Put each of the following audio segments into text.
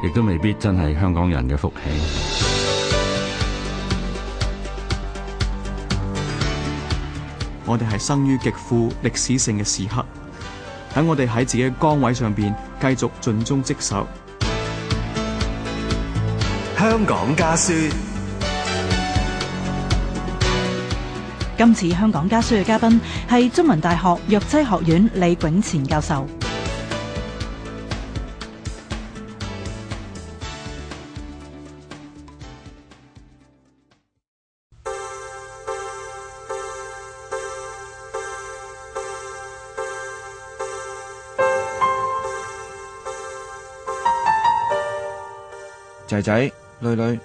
亦都未必真係香港人嘅福氣。我哋係生於極富歷史性嘅時刻，等我哋喺自己嘅崗位上邊繼續盡忠職守。香港家書。今次香港家書嘅嘉賓係中文大學藥劑學院李炯前教授。仔仔、女女，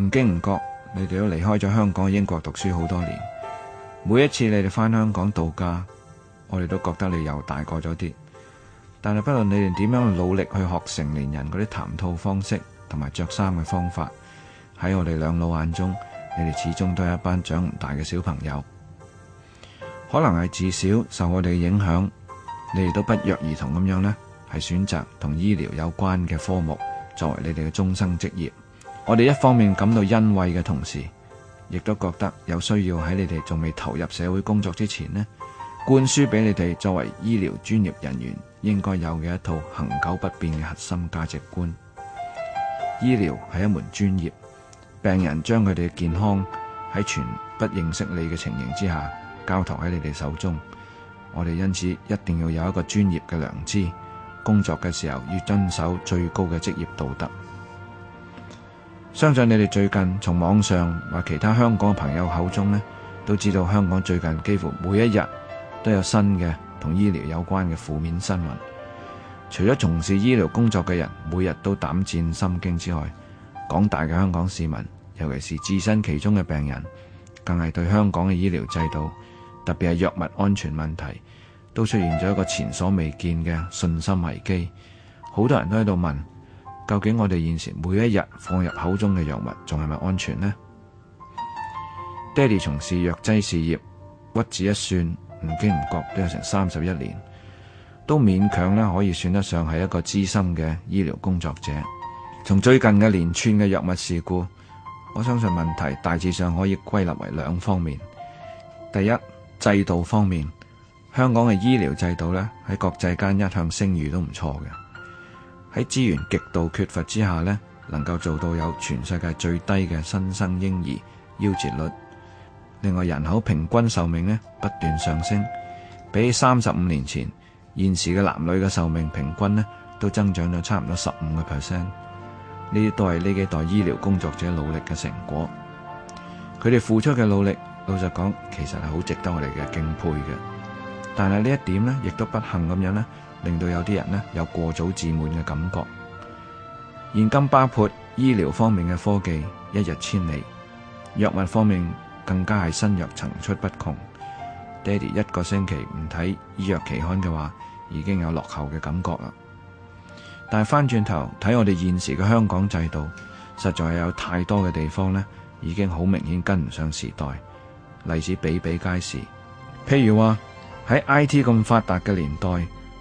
唔經唔覺，你哋都離開咗香港，英國讀書好多年。每一次你哋返香港度假，我哋都覺得你又大個咗啲。但係不論你哋點樣努力去學成年人嗰啲談吐方式同埋着衫嘅方法，喺我哋兩老眼中，你哋始終都係一班長唔大嘅小朋友。可能係自小受我哋影響，你哋都不約而同咁樣呢，係選擇同醫療有關嘅科目。作為你哋嘅終生職業，我哋一方面感到欣慰嘅同時，亦都覺得有需要喺你哋仲未投入社會工作之前呢，灌輸俾你哋作為醫療專業人員應該有嘅一套恆久不變嘅核心價值觀。醫療係一門專業，病人將佢哋嘅健康喺全不認識你嘅情形之下交託喺你哋手中，我哋因此一定要有一個專業嘅良知。工作嘅時候要遵守最高嘅職業道德。相信你哋最近從網上或其他香港朋友口中咧，都知道香港最近幾乎每一日都有新嘅同醫療有關嘅負面新聞。除咗從事醫療工作嘅人每日都膽戰心驚之外，廣大嘅香港市民，尤其是置身其中嘅病人，更係對香港嘅醫療制度，特別係藥物安全問題。都出現咗一個前所未見嘅信心危機，好多人都喺度問：究竟我哋現時每一日放入口中嘅藥物，仲係咪安全呢？爹哋從事藥劑事業，屈指一算，唔經唔覺都有成三十一年，都勉強咧可以算得上係一個資深嘅醫療工作者。從最近嘅連串嘅藥物事故，我相信問題大致上可以歸納為兩方面：第一，制度方面。香港嘅醫療制度咧，喺國際間一向聲譽都唔錯嘅。喺資源極度缺乏之下呢，能夠做到有全世界最低嘅新生嬰兒夭折率。另外人口平均壽命呢，不斷上升，比三十五年前現時嘅男女嘅壽命平均呢都增長咗差唔多十五個 percent。呢啲都係呢幾代醫療工作者努力嘅成果。佢哋付出嘅努力，老實講，其實係好值得我哋嘅敬佩嘅。但係呢一點呢，亦都不幸咁樣呢，令到有啲人呢，有過早自滿嘅感覺。現今包括醫療方面嘅科技一日千里，藥物方面更加係新藥層出不窮。爹哋一個星期唔睇醫藥期刊嘅話，已經有落後嘅感覺啦。但係翻轉頭睇我哋現時嘅香港制度，實在係有太多嘅地方呢，已經好明顯跟唔上時代，例子比比皆是。譬如話。喺 I T 咁發達嘅年代，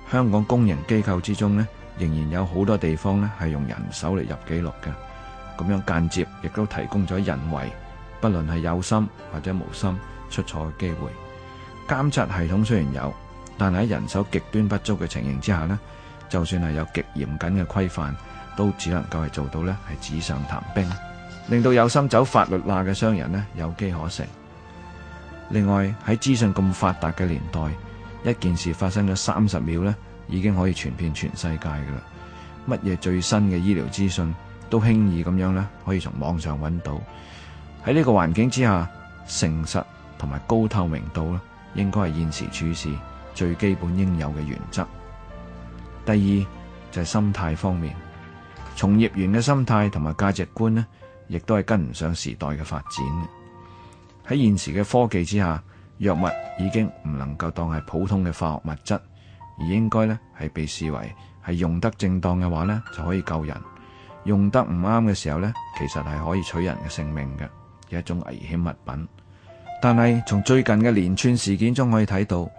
香港公營機構之中咧，仍然有好多地方咧係用人手嚟入記錄嘅，咁樣間接亦都提供咗人為，不論係有心或者無心出錯嘅機會。監察系統雖然有，但係喺人手極端不足嘅情形之下咧，就算係有極嚴謹嘅規範都只能夠係做到咧係紙上談兵，令到有心走法律罅嘅商人咧有機可乘。另外喺資訊咁發達嘅年代，一件事發生咗三十秒呢，已經可以傳遍全世界㗎喇。乜嘢最新嘅醫療資訊都輕易咁樣呢，可以從網上揾到。喺呢個環境之下，誠實同埋高透明度呢，應該係現時處事最基本應有嘅原則。第二就係心態方面，從業員嘅心態同埋價值觀呢，亦都係跟唔上時代嘅發展。喺現時嘅科技之下，藥物已經唔能夠當係普通嘅化學物質，而應該呢係被視為係用得正當嘅話呢就可以救人，用得唔啱嘅時候呢，其實係可以取人嘅性命嘅，係一種危險物品。但係從最近嘅連串事件中可以睇到，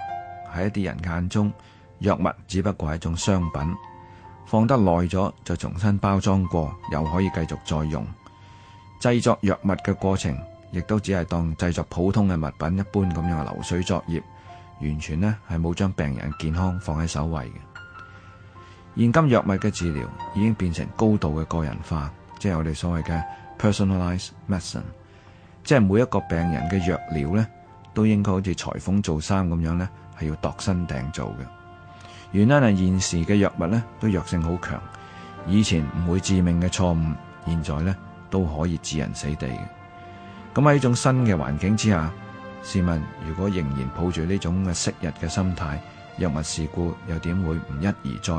喺一啲人眼中，藥物只不過係一種商品，放得耐咗就重新包裝過，又可以繼續再用。製作藥物嘅過程，亦都只係當製作普通嘅物品，一般咁樣嘅流水作業，完全呢係冇將病人健康放喺首位嘅。現今藥物嘅治療已經變成高度嘅個人化，即係我哋所謂嘅 Personalized Medicine，即係每一個病人嘅藥療呢都應該好似裁縫做衫咁樣呢係要度身訂做嘅。原來嗱現時嘅藥物呢都藥性好強，以前唔會致命嘅錯誤，現在呢都可以致人死地嘅。咁喺呢種新嘅環境之下，市民如果仍然抱住呢種嘅昔日嘅心態，藥物事故又點會唔一而再，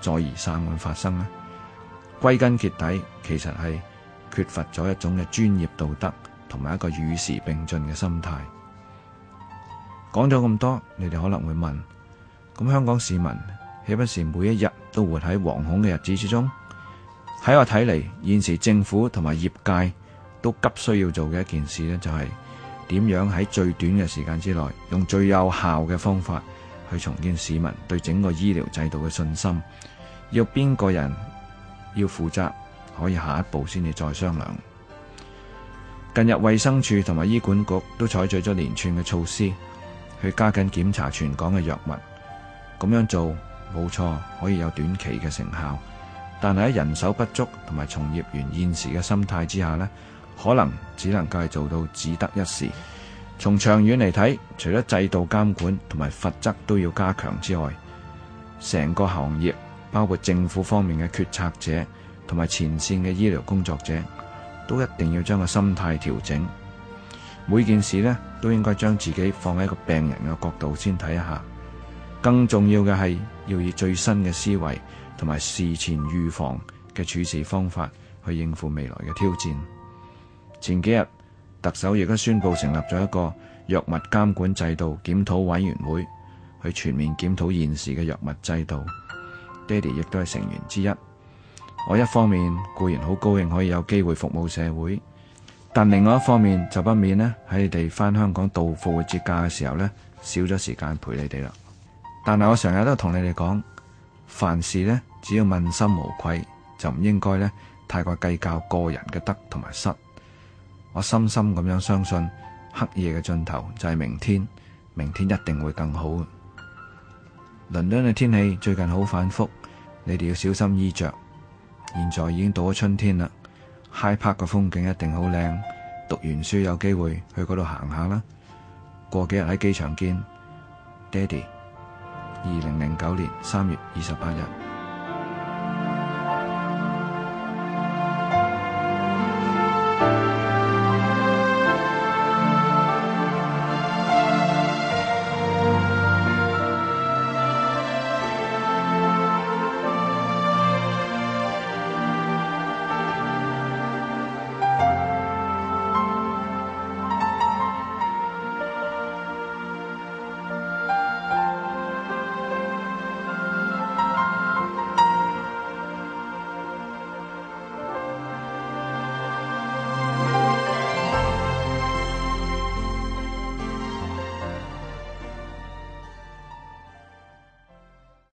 再而三咁發生呢？歸根結底，其實係缺乏咗一種嘅專業道德同埋一個與時並進嘅心態。講咗咁多，你哋可能會問：咁香港市民豈不是每一日都活喺惶恐嘅日子之中？喺我睇嚟，現時政府同埋業界都急需要做嘅一件事呢，就係點樣喺最短嘅時間之內，用最有效嘅方法去重建市民對整個醫療制度嘅信心。要邊個人要負責，可以下一步先至再商量。近日，衛生署同埋醫管局都採取咗連串嘅措施，去加緊檢查全港嘅藥物。咁樣做冇錯，可以有短期嘅成效，但係喺人手不足同埋從業員現時嘅心態之下呢，可能只能夠做到只得一時。從長遠嚟睇，除咗制度監管同埋罰則都要加強之外，成個行業包括政府方面嘅決策者同埋前線嘅醫療工作者，都一定要將個心態調整。每件事呢，都應該將自己放喺一個病人嘅角度先睇一下。更重要嘅係要以最新嘅思維同埋事前預防嘅處事方法去應付未來嘅挑戰。前幾日，特首亦都宣布成立咗一個藥物監管制度檢討委員會，去全面檢討現時嘅藥物制度。爹哋亦都係成員之一。我一方面固然好高興可以有機會服務社會，但另外一方面就不免咧喺你哋返香港度復活節假嘅時候咧，少咗時間陪你哋啦。但係我成日都同你哋講，凡事咧只要問心無愧，就唔應該咧太過計較個人嘅得同埋失。我深深咁樣相信，黑夜嘅盡頭就係明天，明天一定會更好。倫敦嘅天氣最近好反覆，你哋要小心衣着。現在已經到咗春天啦，High Park 嘅風景一定好靚。讀完書有機會去嗰度行下啦。過幾日喺機場見，爹哋。二零零九年三月二十八日。